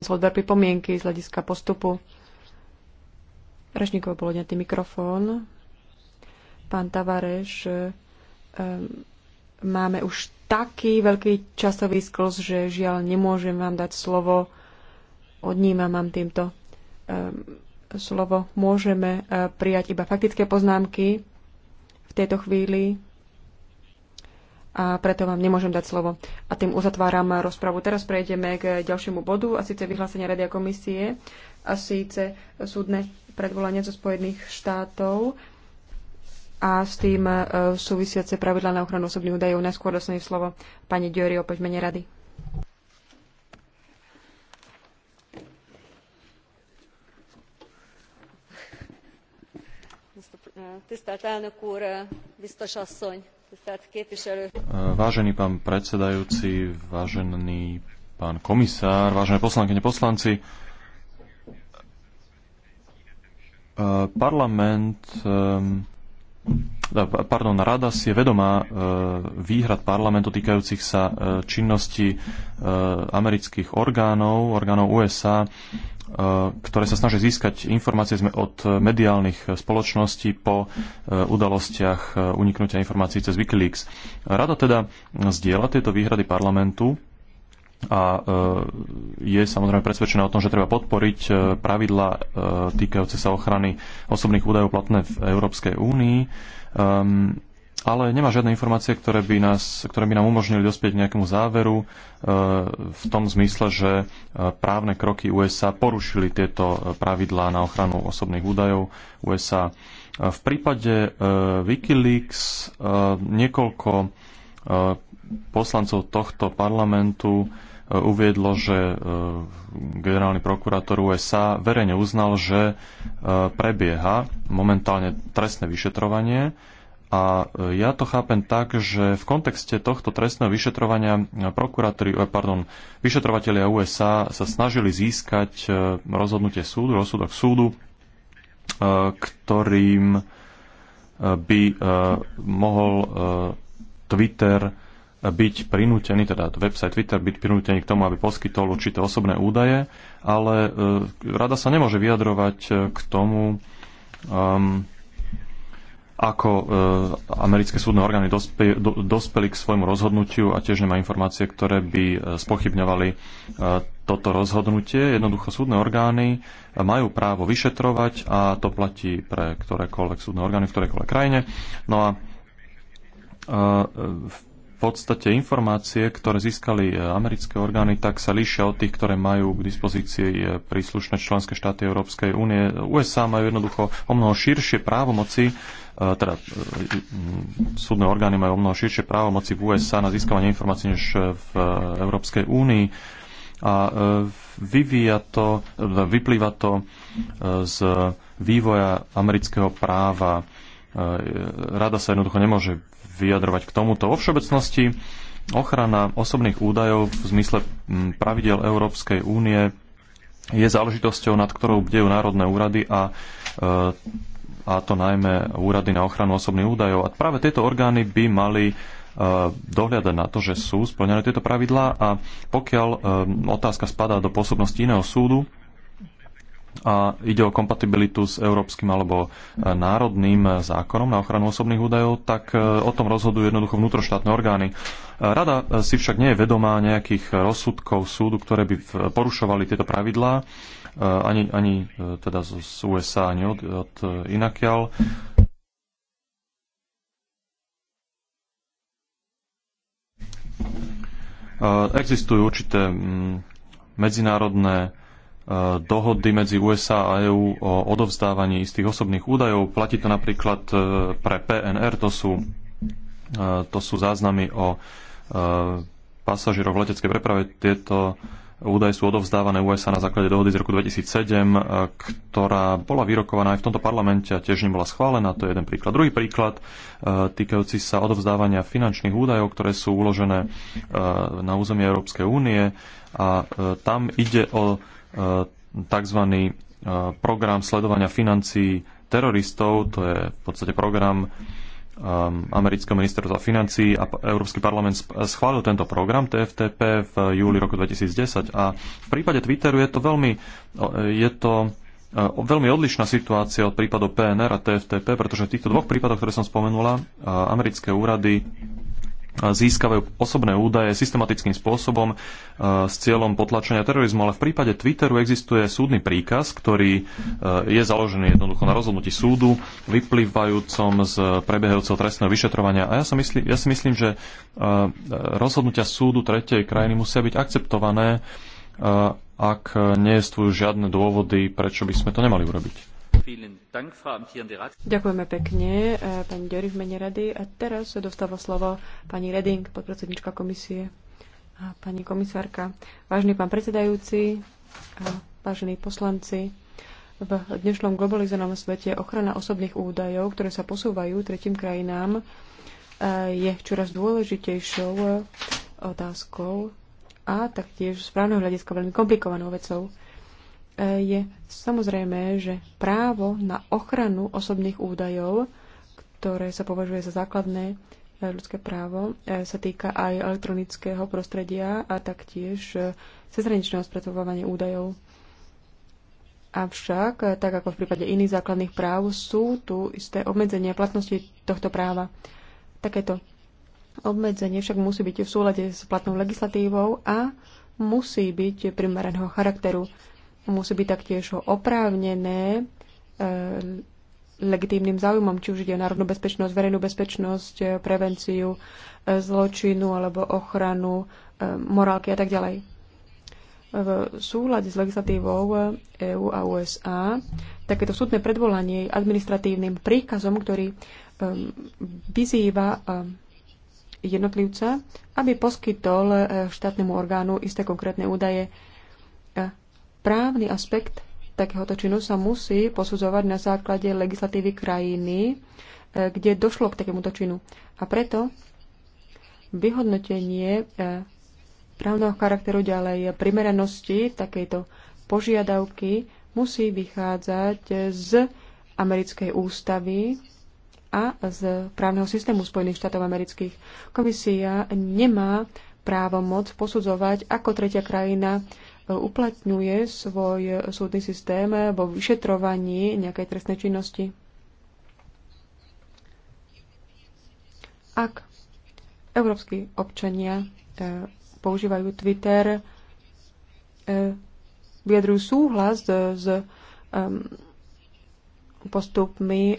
z odber pripomienky z hľadiska postupu. Rečníkov bol odňatý mikrofón. Pán Tavareš, um, máme už taký veľký časový sklz, že žiaľ nemôžem vám dať slovo. Odnímam vám týmto um, slovo. Môžeme uh, prijať iba faktické poznámky v tejto chvíli a preto vám nemôžem dať slovo. A tým uzatváram rozpravu. Teraz prejdeme k ďalšiemu bodu, a síce vyhlásenia Rady a komisie, a síce súdne predvolanie zo Spojených štátov a s tým e, súvisiace pravidla na ochranu osobných údajov. Najskôr dostanem slovo pani Diori opäť mene rady. Tisztelt elnök úr, biztos asszony! Vážený pán predsedajúci, vážený pán komisár, vážené poslankyne, poslanci, parlament ehm, No, pardon, rada si je vedomá e, výhrad parlamentu týkajúcich sa e, činnosti e, amerických orgánov, orgánov USA, ktoré sa snažia získať informácie od mediálnych spoločností po udalostiach uniknutia informácií cez Wikileaks. Rada teda zdieľa tieto výhrady parlamentu a je samozrejme presvedčená o tom, že treba podporiť pravidla týkajúce sa ochrany osobných údajov platné v Európskej únii Um, ale nemá žiadne informácie, ktoré by, nás, ktoré by nám umožnili dospieť k nejakému záveru e, v tom zmysle, že eh, právne kroky USA porušili tieto eh, pravidlá na ochranu osobných údajov USA. V prípade e, Wikileaks e, niekoľko poslancov tohto parlamentu uviedlo, že e, generálny prokurátor USA verejne uznal, že e, prebieha momentálne trestné vyšetrovanie. A e, ja to chápem tak, že v kontexte tohto trestného vyšetrovania prokurátori, pardon, vyšetrovateľia USA sa snažili získať rozhodnutie súdu, rozsudok súdu, ktorým by mohol Twitter byť prinútený, teda website Twitter byť prinútený k tomu, aby poskytol určité osobné údaje, ale e, rada sa nemôže vyjadrovať e, k tomu, um, ako e, americké súdne orgány dospe, do, dospeli k svojmu rozhodnutiu a tiež nemá informácie, ktoré by e, spochybňovali e, toto rozhodnutie. Jednoducho súdne orgány majú právo vyšetrovať a to platí pre ktorékoľvek súdne orgány v ktorejkoľvek krajine. No a e, podstate informácie, ktoré získali e, americké orgány, tak sa líšia od tých, ktoré majú k dispozícii e, príslušné členské štáty Európskej únie. USA majú jednoducho o mnoho širšie právomoci, e, teda súdne orgány majú o mnoho širšie právomoci v USA na získavanie informácií než v Európskej únii a vyvíja to, vyplýva to z vývoja amerického práva. Rada sa jednoducho nemôže vyjadrovať k tomuto. Vo všeobecnosti ochrana osobných údajov v zmysle mm, pravidel Európskej únie je záležitosťou, nad ktorou bdejú národné úrady a, e, a to najmä úrady na ochranu osobných údajov. A práve tieto orgány by mali e, dohľadať na to, že sú splnené tieto pravidlá a pokiaľ e, otázka spadá do pôsobnosti iného súdu, a ide o kompatibilitu s európskym alebo e, národným e, zákonom na ochranu osobných údajov, tak e, o tom rozhodujú jednoducho vnútroštátne orgány. Rada si však nie je vedomá nejakých rozsudkov súdu, ktoré by porušovali tieto pravidlá, ani, ani teda z USA, ani od, od inakial. Existujú určité mm, medzinárodné Eh, dohody medzi USA a EÚ o odovzdávaní istých osobných údajov. Platí to napríklad eh, pre PNR, to sú, eh, to sú záznamy o pasažierov v leteckej preprave. Tieto údaje sú odovzdávané USA na základe dohody z roku 2007, ktorá bola vyrokovaná aj v tomto parlamente a tiež nebola schválená. To je jeden príklad. Druhý príklad týkajúci sa odovzdávania finančných údajov, ktoré sú uložené na území Európskej únie a tam ide o Eh, tzv. Eh, program sledovania financií teroristov, to je v podstate program eh, amerického ministerstva financí a Európsky parlament schválil tento program TFTP v júli roku 2010 a v prípade Twitteru je to veľmi, je to veľmi odlišná situácia od prípadov PNR a TFTP, pretože v týchto dvoch prípadoch, ktoré som spomenula, americké úrady získavajú osobné údaje systematickým spôsobom e, s cieľom potlačenia terorizmu. Ale v prípade Twitteru existuje súdny príkaz, ktorý e, je založený jednoducho na rozhodnutí súdu, vyplývajúcom z prebiehajúceho trestného vyšetrovania. A ja, si, myslím, ja si myslím, že e, rozhodnutia súdu tretej krajiny musia byť akceptované, ak nie sú žiadne dôvody, prečo by sme to nemali urobiť. Ďakujeme pekne, e, pani Dori v mene rady. A teraz dostáva slovo pani Reding, podpredsednička komisie. A pani komisárka, vážený pán predsedajúci, a vážení poslanci, v dnešnom globalizovanom svete ochrana osobných údajov, ktoré sa posúvajú tretím krajinám, e, je čoraz dôležitejšou otázkou a taktiež z právneho hľadiska veľmi komplikovanou vecou je samozrejme, že právo na ochranu osobných údajov, ktoré sa považuje za základné eh, ľudské právo, eh, sa týka aj elektronického prostredia a taktiež eh, cezhraničného spracovávania údajov. Avšak, tak ako v prípade iných základných práv, sú tu isté obmedzenia platnosti tohto práva. Takéto obmedzenie však musí byť v súlade s platnou legislatívou a musí byť primeraného charakteru musí byť taktiež oprávnené e, legitímnym záujmom, či už ide o národnú bezpečnosť, verejnú bezpečnosť, e, prevenciu e, zločinu alebo ochranu e, morálky a tak ďalej. V súhľade s legislatívou EÚ a USA takéto súdne predvolanie je administratívnym príkazom, ktorý vyzýva jednotlivca, aby poskytol štátnemu orgánu isté konkrétne údaje Právny aspekt takéhoto činu sa musí posudzovať na základe legislatívy krajiny, e, kde došlo k takémuto činu. A preto vyhodnotenie e, právneho charakteru ďalej primeranosti takejto požiadavky musí vychádzať z americkej ústavy a z právneho systému Spojených štátov amerických. Komisia nemá právo moc posudzovať, ako tretia krajina uplatňuje svoj súdny systém vo vyšetrovaní nejakej trestnej činnosti. Ak európsky občania eh, používajú Twitter, eh, vyjadrujú súhlas s postupmi eh,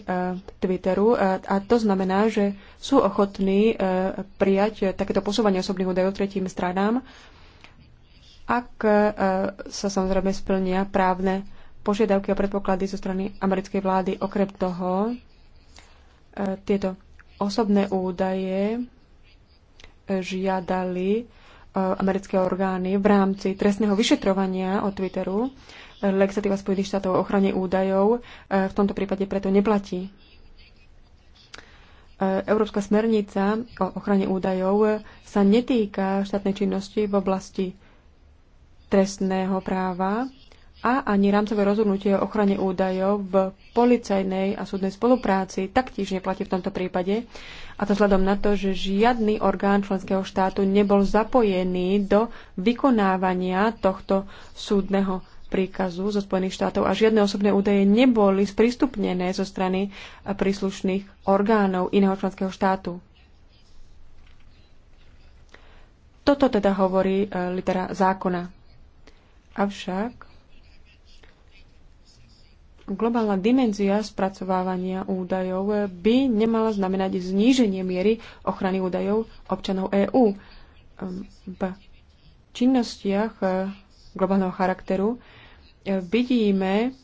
Twitteru a to znamená, že sú ochotní prijať takéto posúvanie osobných údajov tretím stranám, ak e, sa samozrejme splnia právne požiadavky a predpoklady zo strany americkej vlády. Okrem toho, e, tieto osobné údaje e, žiadali americké orgány v rámci trestného vyšetrovania od Twitteru. Legislatíva Spojených štátov o ochrane údajov v tomto prípade preto neplatí. Európska smernica o ochrane údajov sa netýka štátnej činnosti v oblasti trestného práva a ani rámcové rozhodnutie o ochrane údajov v policajnej a súdnej spolupráci taktiež neplatí v tomto prípade. A to vzhľadom na to, že žiadny orgán členského štátu nebol zapojený do vykonávania tohto súdneho príkazu zo Spojených štátov a žiadne osobné údaje neboli sprístupnené zo strany príslušných orgánov iného členského štátu. Toto teda hovorí e, litera zákona. Avšak globálna dimenzia spracovávania údajov by nemala znamenať zníženie miery ochrany údajov občanov EÚ. V činnostiach eh, globálneho charakteru eh, vidíme,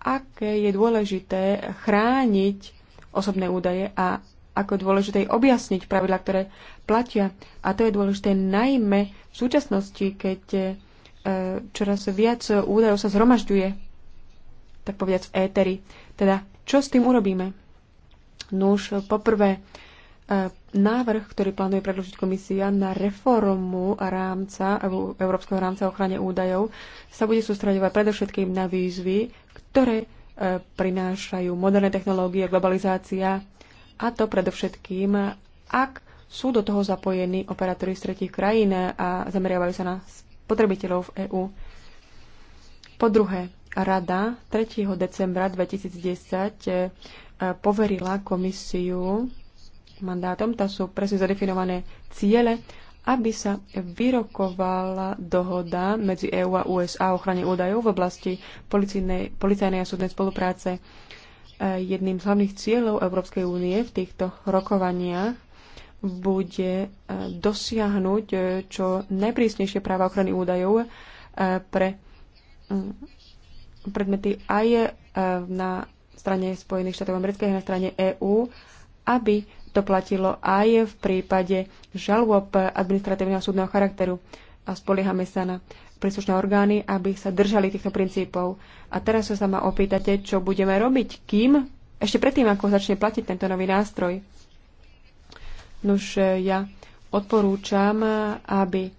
aké je dôležité chrániť osobné údaje a ako dôležité je objasniť pravidla, ktoré platia. A to je dôležité najmä v súčasnosti, keď eh, čoraz viac údajov sa zhromažďuje, tak povedať v éteri. Teda, čo s tým urobíme? No už poprvé, e, návrh, ktorý plánuje predložiť komisia na reformu rámca, Európskeho rámca ochrane údajov, sa bude sústredovať predovšetkým na výzvy, ktoré e, prinášajú moderné technológie, globalizácia, a to predovšetkým, ak sú do toho zapojení operátori z tretich krajín a zameriavajú sa na spotrebiteľov v EÚ. Po druhé, Rada 3. decembra 2010 e, poverila komisiu mandátom, tam sú presne zadefinované ciele, aby sa vyrokovala dohoda medzi EÚ a USA o ochrane údajov v oblasti policajnej a súdnej spolupráce. E, jedným z hlavných cieľov Európskej únie v týchto rokovaniach bude e, dosiahnuť e, čo najprísnejšie práva ochrany údajov e, pre predmety aj na strane Spojených štátov amerických, na strane EÚ, aby to platilo aj v prípade žalob administratívneho súdneho charakteru. A spoliehame sa na príslušné orgány, aby sa držali týchto princípov. A teraz sa ma opýtate, čo budeme robiť, kým, ešte predtým, ako začne platiť tento nový nástroj Nož e, ja odporúčam, e, aby e,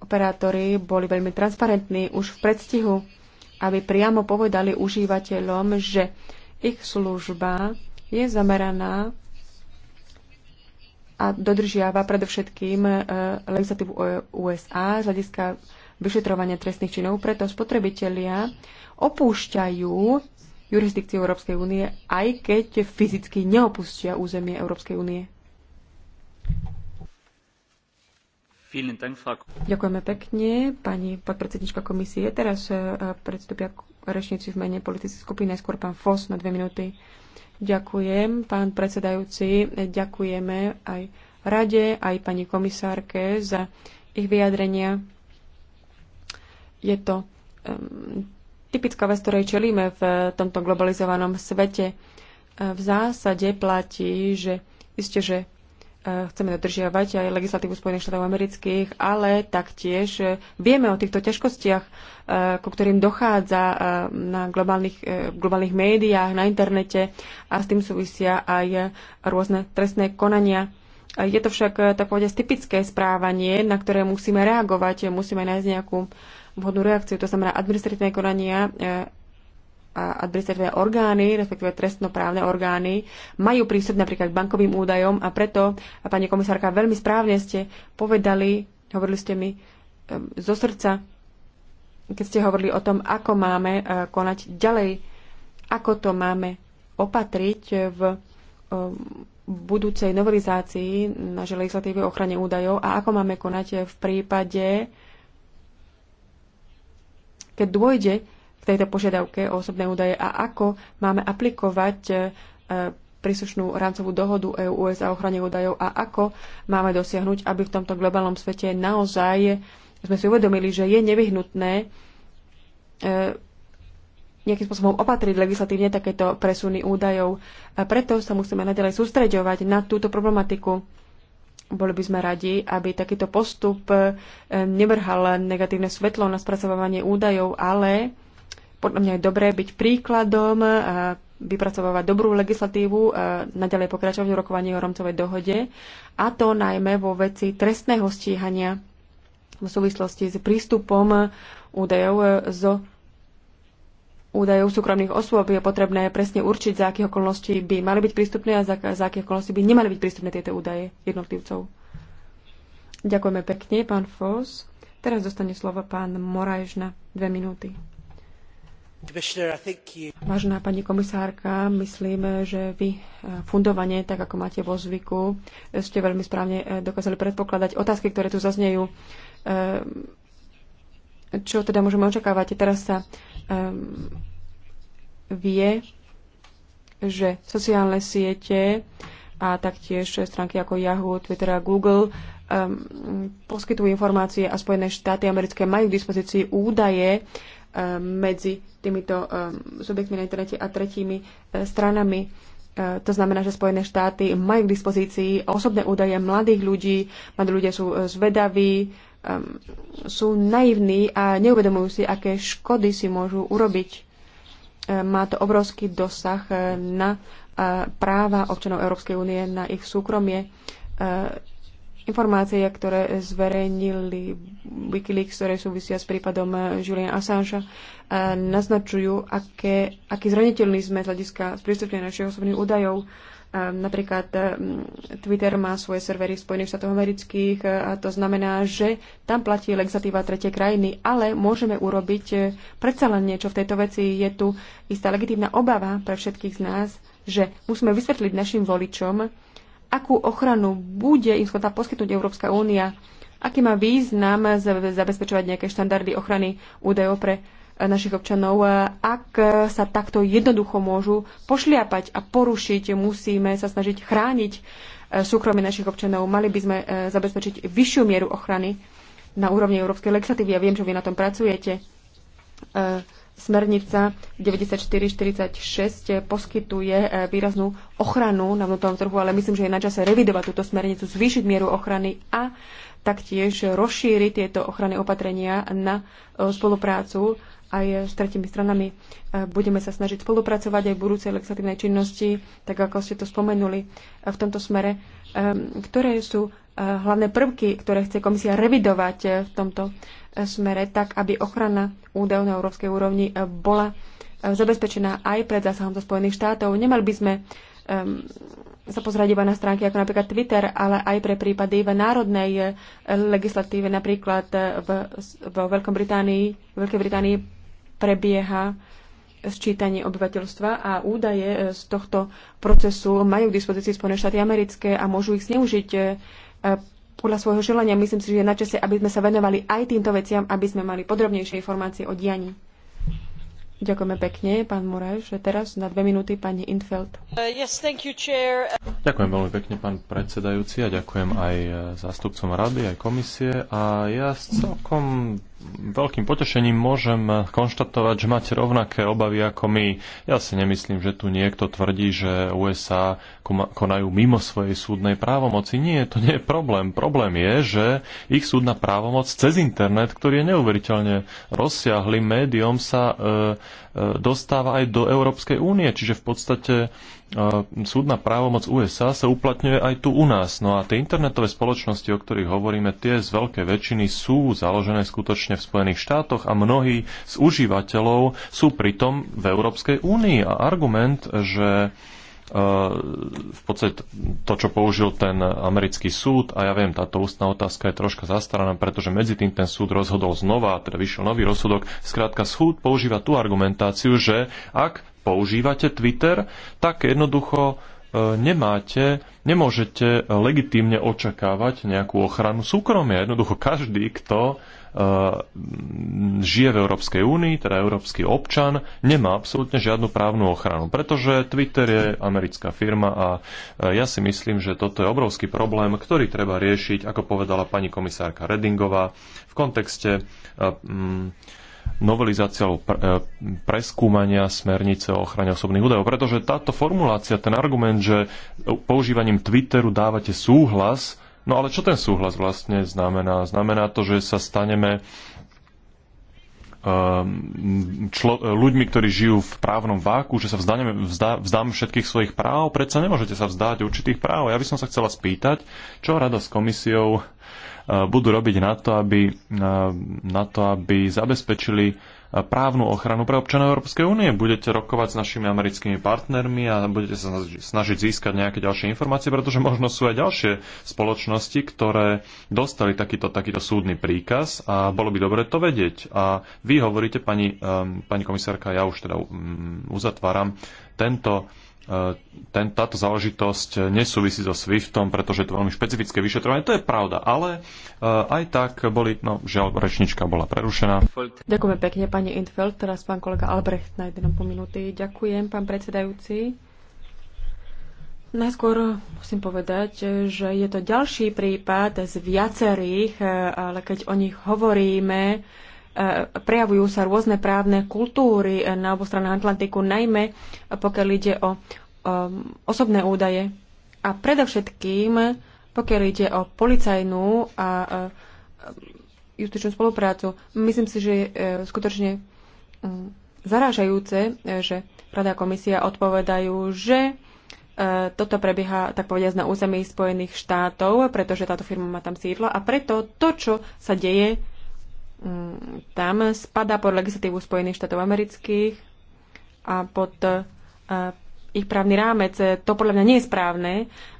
operátori boli veľmi transparentní už v predstihu, aby priamo povedali užívateľom, že ich služba je zameraná a dodržiava predovšetkým legislatívu USA z hľadiska vyšetrovania trestných činov, preto spotrebitelia opúšťajú jurisdikciu Európskej únie, aj keď fyzicky neopustia územie Európskej únie. Ďakujeme pekne, pani podpredsednička komisie. Teraz e, predstupia rečníci v mene politických skupín, najskôr pán Fos na dve minúty. Ďakujem, pán predsedajúci. Ďakujeme aj rade, aj pani komisárke za ich vyjadrenia. Je to um, typická vec, ktorej čelíme v tomto globalizovanom svete. E, v zásade platí, že isté, že e, chceme dodržiavať aj legislatívu Spojených štátov amerických, ale taktiež e, vieme o týchto ťažkostiach, ku ktorým dochádza na globálnych, globálnych médiách, na internete a s tým súvisia aj rôzne trestné konania. Je to však tak typické správanie, na ktoré musíme reagovať, musíme nájsť nejakú vhodnú reakciu. To znamená administratívne konania e, a administratívne orgány, respektíve trestnoprávne orgány, majú prístup napríklad k bankovým údajom a preto, a pani komisárka, veľmi správne ste povedali, hovorili ste mi e, zo srdca, keď ste hovorili o tom, ako máme e, konať ďalej, ako to máme opatriť v budúcej novelizácii našej legislatívy o ochrane údajov a ako máme konať v prípade keď dôjde k tejto požiadavke o osobné údaje a ako máme aplikovať e, príslušnú rámcovú dohodu EU-USA o ochrane údajov a ako máme dosiahnuť, aby v tomto globálnom svete naozaj sme si uvedomili, že je nevyhnutné e, nejakým spôsobom opatriť legislatívne takéto presuny údajov. A preto sa musíme nadalej sústreďovať na túto problematiku boli by sme radi, aby takýto postup eh, nevrhal negatívne svetlo na spracovávanie údajov, ale podľa mňa je dobré byť príkladom, vypracovávať dobrú legislatívu, eh, naďalej pokračovať v rokovaní o romcovej dohode, a to najmä vo veci trestného stíhania v súvislosti s prístupom údajov eh, zo údajov súkromných osôb je potrebné presne určiť, za akých okolností by mali byť prístupné a za, za akých okolností by nemali byť prístupné tieto údaje jednotlivcov. Ďakujeme pekne, pán Foss. Teraz dostane slovo pán Morajš na dve minúty. Vážená pani komisárka, myslím, že vy eh, fundovanie, tak ako máte vo zvyku, eh, ste veľmi správne eh, dokázali predpokladať otázky, ktoré tu zaznejú čo teda môžeme očakávať? Teraz sa um, vie, že sociálne siete a taktiež stránky ako Yahoo, Twitter a Google um, poskytujú informácie a Spojené štáty americké majú k dispozícii údaje um, medzi týmito um, subjektmi na internete a tretími uh, stranami. Eh, to znamená, že Spojené štáty majú k dispozícii osobné údaje mladých ľudí, mladí ľudia sú eh, zvedaví, um, sú naivní a neuvedomujú si, aké škody si môžu urobiť. Um, má to obrovský dosah um, na uh, práva občanov Európskej únie, na ich súkromie. Uh, informácie, ktoré zverejnili Wikileaks, ktoré súvisia s prípadom uh, Julian Assange, uh, naznačujú, aké, aký zraniteľný sme z hľadiska sprístupnenia našich osobných údajov. Ehm, napríklad ehm, Twitter má svoje servery v Spojených štátoch amerických e, a to znamená, že tam platí legislatíva tretie krajiny, ale môžeme urobiť e, predsa len niečo v tejto veci. Je tu istá legitívna obava pre všetkých z nás, že musíme vysvetliť našim voličom, akú ochranu bude im schopná poskytnúť Európska únia, aký má význam zabezpečovať nejaké štandardy ochrany údajov pre našich občanov. Ak sa takto jednoducho môžu pošliapať a porušiť, musíme sa snažiť chrániť e, súkromie našich občanov. Mali by sme e, zabezpečiť vyššiu mieru ochrany na úrovni európskej legislatívy. Ja viem, že vy na tom pracujete. E, smernica 9446 poskytuje výraznú ochranu na vnútornom trhu, ale myslím, že je na čase revidovať túto smernicu, zvýšiť mieru ochrany a taktiež rozšíriť tieto ochranné opatrenia na spoluprácu aj s tretimi stranami. E, budeme sa snažiť spolupracovať aj v budúcej legislatívnej činnosti, tak ako ste to spomenuli e, v tomto smere. E, ktoré sú hlavné prvky, ktoré chce komisia revidovať v tomto smere, tak aby ochrana údajov na európskej úrovni bola zabezpečená aj pred zásahom do Spojených štátov. Nemali by sme sa pozrieť iba na stránky ako napríklad Twitter, ale aj pre prípady v národnej legislatíve, napríklad v, v Veľkom Británii, Veľkej Británii prebieha sčítanie obyvateľstva a údaje e, z tohto procesu majú k dispozícii Spojené štáty americké a môžu ich zneužiť e, podľa svojho želania. Myslím si, že je na čase, aby sme sa venovali aj týmto veciam, aby sme mali podrobnejšie informácie o dianí. Ďakujeme pekne, pán Moraš. Teraz na dve minúty pani Infeld. Uh, yes, you, ďakujem veľmi pekne, pán predsedajúci, a ďakujem aj e, zástupcom rady, aj komisie. A ja celkom veľkým potešením môžem konštatovať, že máte rovnaké obavy ako my. Ja si nemyslím, že tu niekto tvrdí, že USA konajú mimo svojej súdnej právomoci. Nie, to nie je problém. Problém je, že ich súdna právomoc cez internet, ktorý je neuveriteľne rozsiahly médium, sa e, e, dostáva aj do Európskej únie. Čiže v podstate súdna právomoc USA sa uplatňuje aj tu u nás. No a tie internetové spoločnosti, o ktorých hovoríme, tie z veľkej väčšiny sú založené skutočne v Spojených štátoch a mnohí z užívateľov sú pritom v Európskej únii. A argument, že e, v podstate to, čo použil ten americký súd, a ja viem, táto ústna otázka je troška zastaraná, pretože medzi tým ten súd rozhodol znova, teda vyšiel nový rozsudok. Skrátka, súd používa tú argumentáciu, že ak používate Twitter, tak jednoducho e, nemáte, nemôžete legitímne očakávať nejakú ochranu súkromia. Jednoducho každý, kto e, žije v Európskej únii, teda európsky občan, nemá absolútne žiadnu právnu ochranu, pretože Twitter je americká firma a e, ja si myslím, že toto je obrovský problém, ktorý treba riešiť, ako povedala pani komisárka Redingová, v kontekste novelizácia alebo e, preskúmania smernice o ochrane osobných údajov. Pretože táto formulácia, ten argument, že používaním Twitteru dávate súhlas, no ale čo ten súhlas vlastne znamená? Znamená to, že sa staneme Ehm, člo, e, ľuďmi, ktorí žijú v právnom váku, že sa vzdáme, vzdá, vzdáme všetkých svojich práv, predsa nemôžete sa vzdáť určitých práv. Ja by som sa chcela spýtať, čo rada s komisiou e, budú robiť na to, aby, e, na to, aby zabezpečili právnu ochranu pre občanov Európskej únie. Budete rokovať s našimi americkými partnermi a budete sa snažiť získať nejaké ďalšie informácie, pretože možno sú aj ďalšie spoločnosti, ktoré dostali takýto, takýto súdny príkaz a bolo by dobre to vedieť. A vy hovoríte, pani, um, pani komisárka, ja už teda um, uzatváram tento E, ten, táto záležitosť nesúvisí so SWIFTom, pretože je to veľmi špecifické vyšetrovanie. To je pravda, ale uh, aj tak boli, no žiaľ, rečnička bola prerušená. Ďakujem pekne, pani Intfeld. Teraz pán kolega Albrecht na po minúty. Ďakujem, pán predsedajúci. Najskôr musím povedať, že je to ďalší prípad z viacerých, e, ale keď o nich hovoríme, E, prejavujú sa rôzne právne kultúry e, na obo stranách Atlantiku, najmä e, pokiaľ ide o, o osobné údaje a predovšetkým pokiaľ ide o policajnú a, justičnú spoluprácu. Myslím si, že je skutočne mm, zarážajúce, že Rada a komisia odpovedajú, že toto prebieha, tak povediať, na území Spojených štátov, pretože táto firma má tam sídlo a preto to, čo sa deje, Mm, tam spadá pod legislatívu Spojených štátov amerických a pod e, ich právny rámec. To podľa mňa nie je správne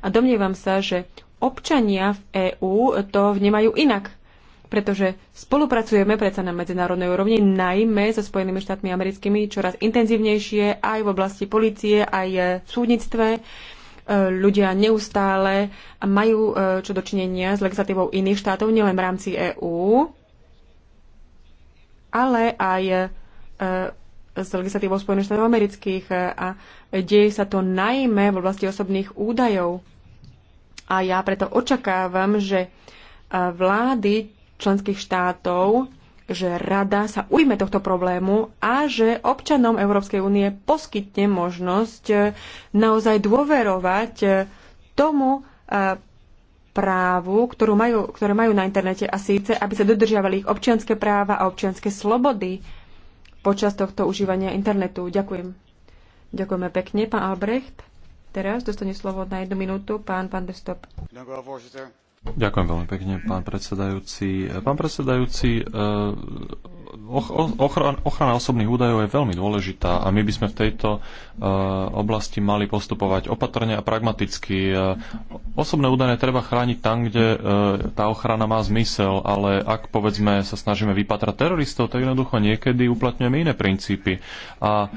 a domnievam sa, že občania v EÚ to vnímajú inak, pretože spolupracujeme predsa na medzinárodnej úrovni, najmä so Spojenými štátmi americkými, čoraz intenzívnejšie aj v oblasti policie, aj e, v súdnictve. E, ľudia neustále majú čo dočinenia s legislatívou iných štátov, nielen v rámci EÚ ale aj e, s legislatívou Spojených štátov amerických e, a deje sa to najmä v oblasti osobných údajov. A ja preto očakávam, že e, vlády členských štátov, že rada sa ujme tohto problému a že občanom Európskej únie poskytne možnosť naozaj dôverovať tomu, právu, ktorú majú, ktoré majú na internete a síce, aby sa dodržiavali ich občianské práva a občianské slobody počas tohto užívania internetu. Ďakujem. Ďakujeme pekne, pán Albrecht. Teraz dostane slovo na jednu minútu pán Van der Stop. Ďakujem, Ďakujem veľmi pekne, pán predsedajúci. Pán predsedajúci, eh, ochrana osobných údajov je veľmi dôležitá a my by sme v tejto eh, oblasti mali postupovať opatrne a pragmaticky. Eh, osobné údaje treba chrániť tam, kde tá ochrana má zmysel, ale ak povedzme sa snažíme vypatrať teroristov, tak jednoducho niekedy uplatňujeme iné princípy. A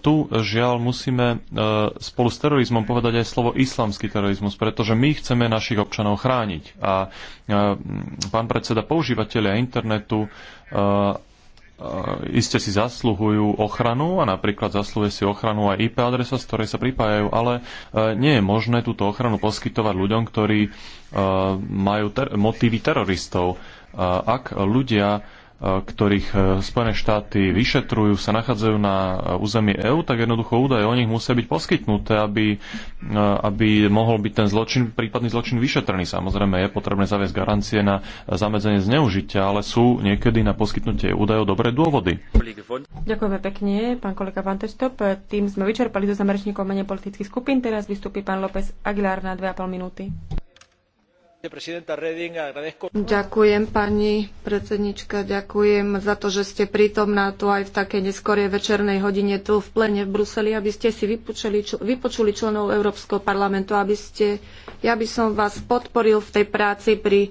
tu žiaľ musíme spolu s terorizmom povedať aj slovo islamský terorizmus, pretože my chceme našich občanov chrániť chrániť. A e, pán predseda, používateľia internetu e, e, iste si zasluhujú ochranu a napríklad zasluhuje si ochranu aj IP adresa, z ktorej sa pripájajú, ale nie je možné túto ochranu poskytovať ľuďom, ktorí majú ter- motívy teroristov. Ak ľudia ktorých e, Spojené štáty vyšetrujú, sa nachádzajú na e, území EÚ, tak jednoducho údaje o nich musia byť poskytnuté, aby, e, aby mohol byť ten zločin, prípadný zločin vyšetrený. Samozrejme je potrebné zaviesť garancie na zamedzenie zneužitia, ale sú niekedy na poskytnutie údajov dobré dôvody. Ďakujeme pekne, pán kolega Van Testop. Tým sme vyčerpali do zamerečníkov menej politických skupín. Teraz vystúpi pán López Aguilar na 2,5 minúty. Ďakujem pani predsednička, ďakujem za to, že ste prítomná tu aj v takej neskorej večernej hodine tu v plene v Bruseli, aby ste si vypočuli, vypočuli členov Európskeho parlamentu, aby ste, ja by som vás podporil v tej práci pri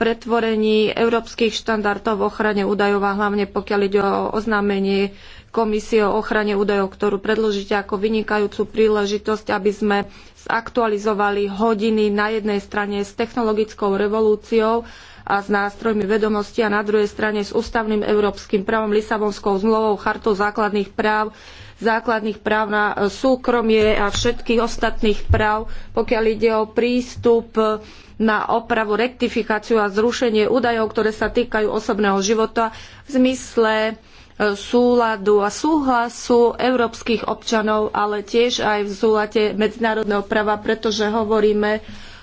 pretvorení európskych štandardov v ochrane údajov a hlavne pokiaľ ide o oznámenie komisie o ochrane údajov, ktorú predložíte ako vynikajúcu príležitosť, aby sme zaktualizovali hodiny na jednej strane s technologickou revolúciou a s nástrojmi vedomosti a na druhej strane s ústavným európskym právom, Lisabonskou zmluvou, chartou základných práv, základných práv na e, súkromie a všetkých ostatných práv, pokiaľ ide o prístup e, na opravu, rektifikáciu a zrušenie údajov, ktoré sa týkajú osobného života v zmysle súladu a súhlasu európskych občanov, ale tiež aj v súlade medzinárodného práva, pretože hovoríme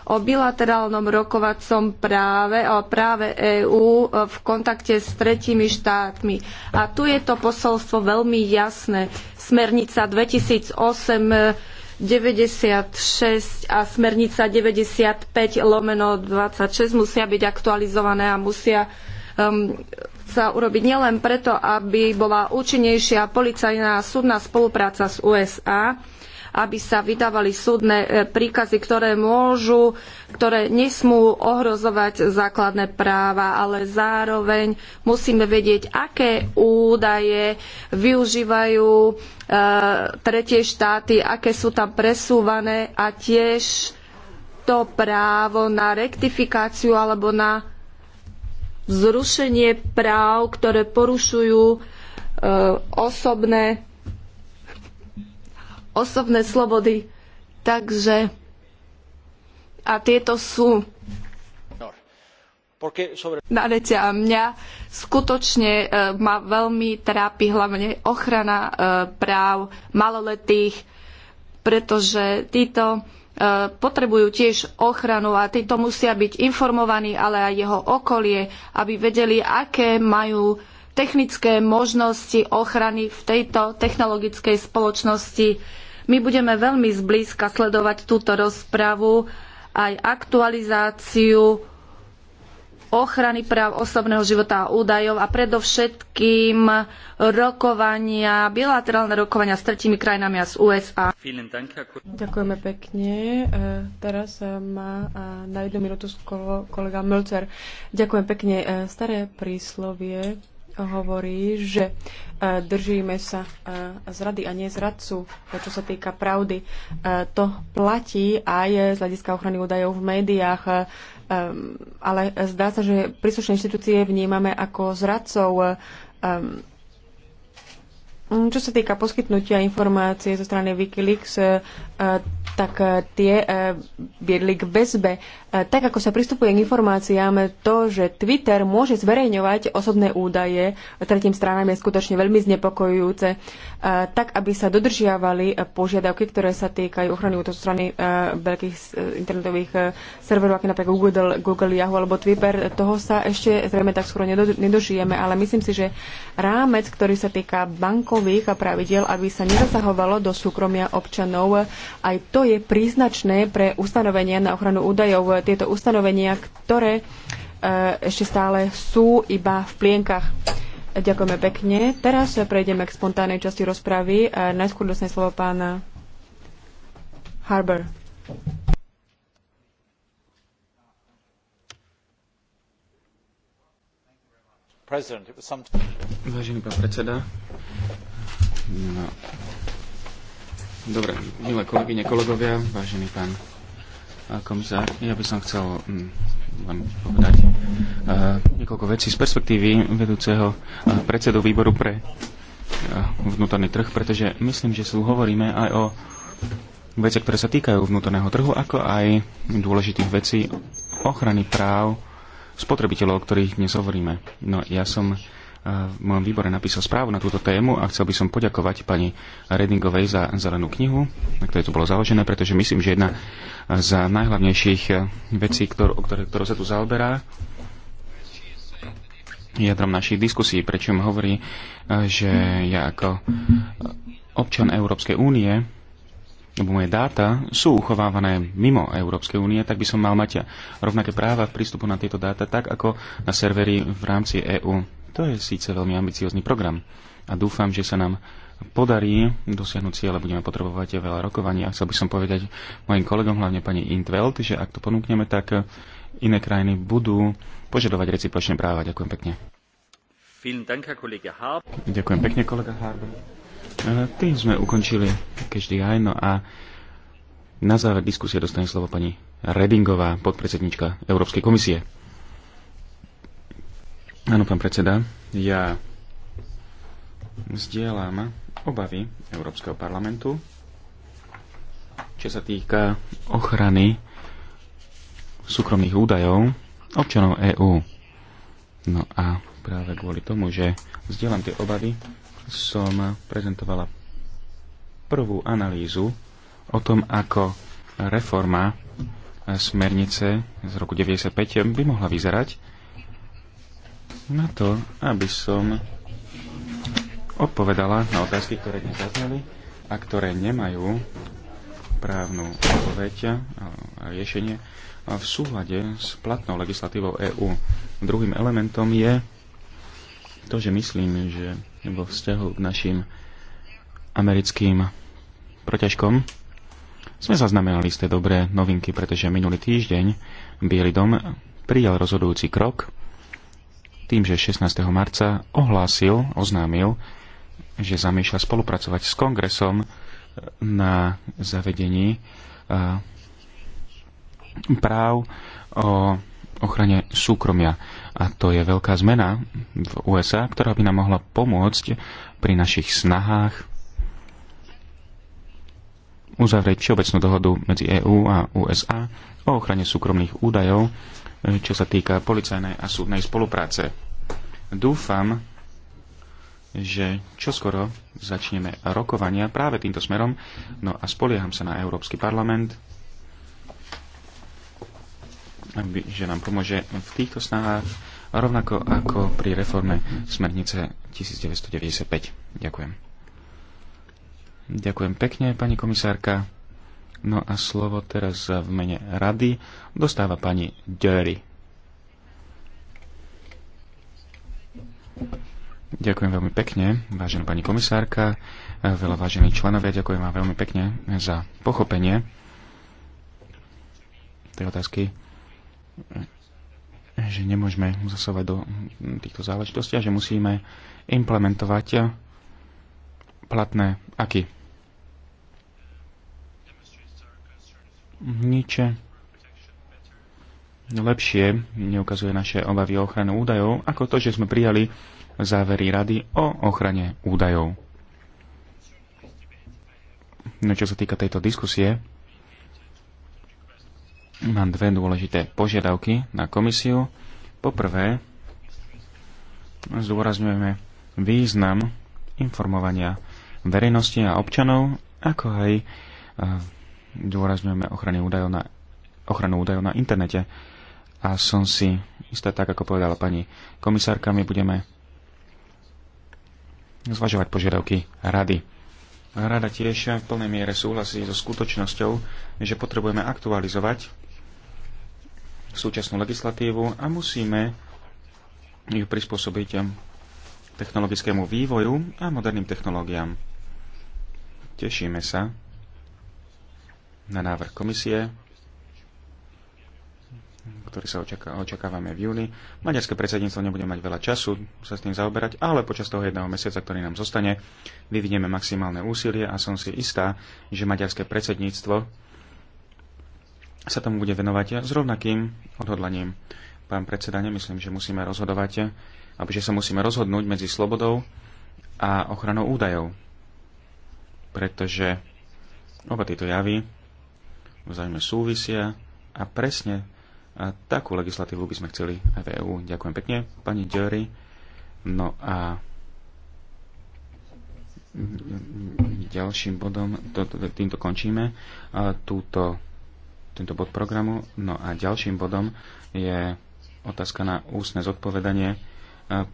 o bilaterálnom rokovacom práve, o práve EÚ v kontakte s tretími štátmi. A tu je to posolstvo veľmi jasné. Smernica 2008 96 a smernica 95 lomeno 26 musia byť aktualizované a musia um, sa urobiť nielen preto, aby bola účinnejšia policajná súdna spolupráca s USA, aby sa vydávali súdne e, príkazy, ktoré môžu, ktoré nesmú ohrozovať základné práva, ale zároveň musíme vedieť, aké údaje využívajú e, tretie štáty, aké sú tam presúvané a tiež to právo na rektifikáciu alebo na zrušenie práv, ktoré porušujú e, osobné, osobné slobody. Takže a tieto sú na rete a mňa skutočne e, ma veľmi trápi hlavne ochrana e, práv maloletých, pretože títo potrebujú tiež ochranu a títo musia byť informovaní, ale aj jeho okolie, aby vedeli, aké majú technické možnosti ochrany v tejto technologickej spoločnosti. My budeme veľmi zblízka sledovať túto rozpravu aj aktualizáciu ochrany práv osobného života a údajov a predovšetkým rokovania, bilaterálne rokovania s tretími krajinami a s USA. Ďakujeme pekne. E, teraz e, má e, na jednu minútu kolega Mölcer. Ďakujem pekne. Staré príslovie hovorí, že držíme sa z rady a nie z radcu, čo sa týka pravdy. To platí aj z hľadiska ochrany údajov v médiách. Ehm, ale zdá sa, že príslušné inštitúcie vnímame ako zradcov. Um, Mm, čo sa týka poskytnutia informácie zo strany Wikileaks, e, e, tak e, tie viedli k väzbe. Tak ako sa pristupuje k informáciám, to, že Twitter môže zverejňovať osobné údaje tretím stranám je skutočne veľmi znepokojujúce, tak aby sa dodržiavali požiadavky, ktoré sa týkajú ochrany zo strany veľkých internetových serverov, ako napríklad Google, Google, Yahoo alebo Twitter. Toho sa ešte zrejme tak skoro nedožijeme, ale myslím si, že rámec, ktorý sa týka bankov, a pravidel, aby sa nezasahovalo do súkromia občanov. Aj to je príznačné pre ustanovenia na ochranu údajov. Tieto ustanovenia, ktoré e, ešte stále sú iba v plienkach. Ďakujeme pekne. Teraz prejdeme k spontánnej časti rozpravy. E, najskôr dostane slovo pán Harbour. Vážený pán predseda, No. Dobre, milé kolegyne, kolegovia, vážený pán komisár, ja by som chcel hm, len povedať uh, niekoľko vecí z perspektívy vedúceho uh, predsedu výboru pre uh, vnútorný trh, pretože myslím, že sú hovoríme aj o veciach, ktoré sa týkajú vnútorného trhu, ako aj dôležitých vecí ochrany práv spotrebiteľov, o ktorých dnes hovoríme. No ja som v mojom výbore napísal správu na túto tému a chcel by som poďakovať pani Redingovej za zelenú knihu, na ktorej to bolo založené, pretože myslím, že jedna z najhlavnejších eh, vecí, ktor- ktor- ktoré, ktorou sa tu zaoberá, jadrom našich diskusí, prečo hovorí, eh, že ja ako občan Európskej únie lebo moje dáta sú uchovávané mimo Európskej únie, tak by som mal mať rovnaké práva v prístupu na tieto dáta, tak ako na servery v rámci EÚ. To je síce veľmi ambiciózny program a dúfam, že sa nám podarí dosiahnuť cieľe, budeme potrebovať veľa rokovania. chcel by som povedať mojim kolegom, hlavne pani Intveld, že ak to ponúkneme, tak iné krajiny budú požadovať recipročné práva. Ďakujem pekne. Ďakujem pekne, kolega Harber. Tým sme ukončili každý aj, no a na záver diskusie dostane slovo pani Redingová, podpredsednička Európskej komisie. Áno, pán predseda, ja vzdielam obavy Európskeho parlamentu, čo sa týka ochrany súkromných údajov občanov EÚ. No a práve kvôli tomu, že vzdielam tie obavy, som prezentovala prvú analýzu o tom, ako reforma smernice z roku 1995 by mohla vyzerať na to, aby som odpovedala na otázky, ktoré dnes zazneli a ktoré nemajú právnu odpoveď a riešenie v súhľade s platnou legislatívou EÚ. Druhým elementom je to, že myslím, že vo vzťahu k našim americkým proťažkom sme zaznamenali ste dobré novinky, pretože minulý týždeň Bielý dom prijal rozhodujúci krok tým, že 16. marca ohlásil, oznámil, že zamýšľa spolupracovať s kongresom e, na zavedení e, práv o ochrane súkromia. A to je veľká zmena v USA, ktorá by nám mohla pomôcť pri našich snahách uzavrieť všeobecnú dohodu medzi EÚ a USA o ochrane súkromných údajov čo sa týka policajnej a súdnej spolupráce. Dúfam, že čoskoro začneme rokovania práve týmto smerom, no a spolieham sa na Európsky parlament, aby, že nám pomôže v týchto snahách, rovnako ako pri reforme smernice 1995. Ďakujem. Ďakujem pekne, pani komisárka. No a slovo teraz v mene rady dostáva pani Dery. Ďakujem veľmi pekne, vážená pani komisárka, veľa vážení členovia, ďakujem vám veľmi pekne za pochopenie tej otázky, že nemôžeme zasovať do týchto záležitostí a že musíme implementovať platné aky niče lepšie neukazuje naše obavy o ochranu údajov, ako to, že sme prijali závery rady o ochrane údajov. No čo sa týka tejto diskusie, mám dve dôležité požiadavky na komisiu. Poprvé, zdôrazňujeme význam informovania verejnosti a občanov, ako aj eh, dôrazňujeme ochranu údajov na, ochranu údajov na internete. A som si istá, tak ako povedala pani komisárka, my budeme zvažovať požiadavky rady. Rada tiež v plnej miere súhlasí so skutočnosťou, že potrebujeme aktualizovať súčasnú legislatívu a musíme ju prispôsobiť technologickému vývoju a moderným technológiám. Tešíme sa na návrh komisie, ktorý sa očaká, očakávame v júni. Maďarské predsedníctvo nebude mať veľa času sa s tým zaoberať, ale počas toho jedného mesiaca, ktorý nám zostane, vyvinieme maximálne úsilie a som si istá, že maďarské predsedníctvo sa tomu bude venovať s rovnakým odhodlaním. Pán predseda, nemyslím, že musíme rozhodovať, alebo že sa musíme rozhodnúť medzi slobodou a ochranou údajov. Pretože oba tieto javy vzájomne súvisia a presne a takú legislatívu by sme chceli aj v EU. Ďakujem pekne, pani Jury. No a ďalším bodom, to, týmto končíme túto, tento bod programu. No a ďalším bodom je otázka na ústne zodpovedanie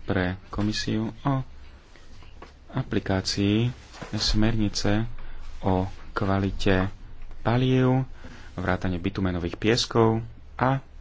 pre komisiu o aplikácii smernice o kvalite paliev vrátane bitumenových pieskov a